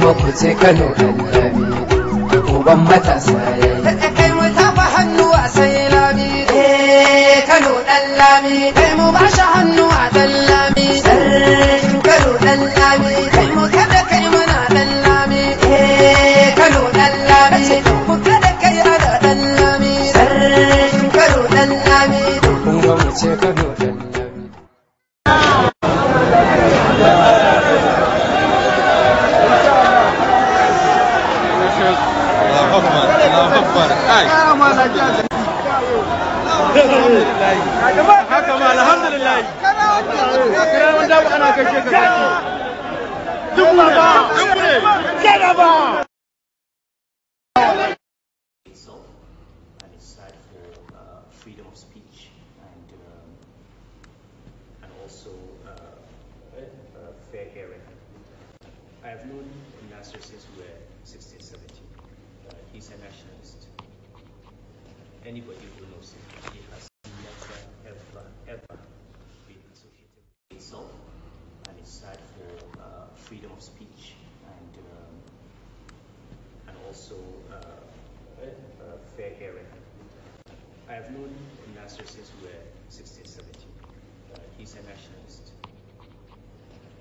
kuma ku ce Kano murabi uban matasa yi. da eh, kai mu fa hannu a sai lami eh Kano dan lami kai mu ba shi hannu a dan lami sarkin Kano dan lami kai mu kada kai mana dan lami eh Kano dan lami mu kada kai ana dan lami sarkin Kano dan lami mu ce Kano haka ma freedom of speech and, um, and also uh, uh, fair hearing. I have known Nasser since we were 16, 17. Uh, he's a nationalist anybody who knows him, he has never, ever, ever been associated with himself. And it's sad for uh, freedom of speech and, um, and also uh, fair hearing. I have known Nasser since we were 16, 17. Uh, he's a nationalist.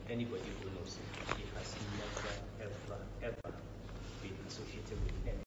Anybody who knows him, he has never, ever, ever been associated with any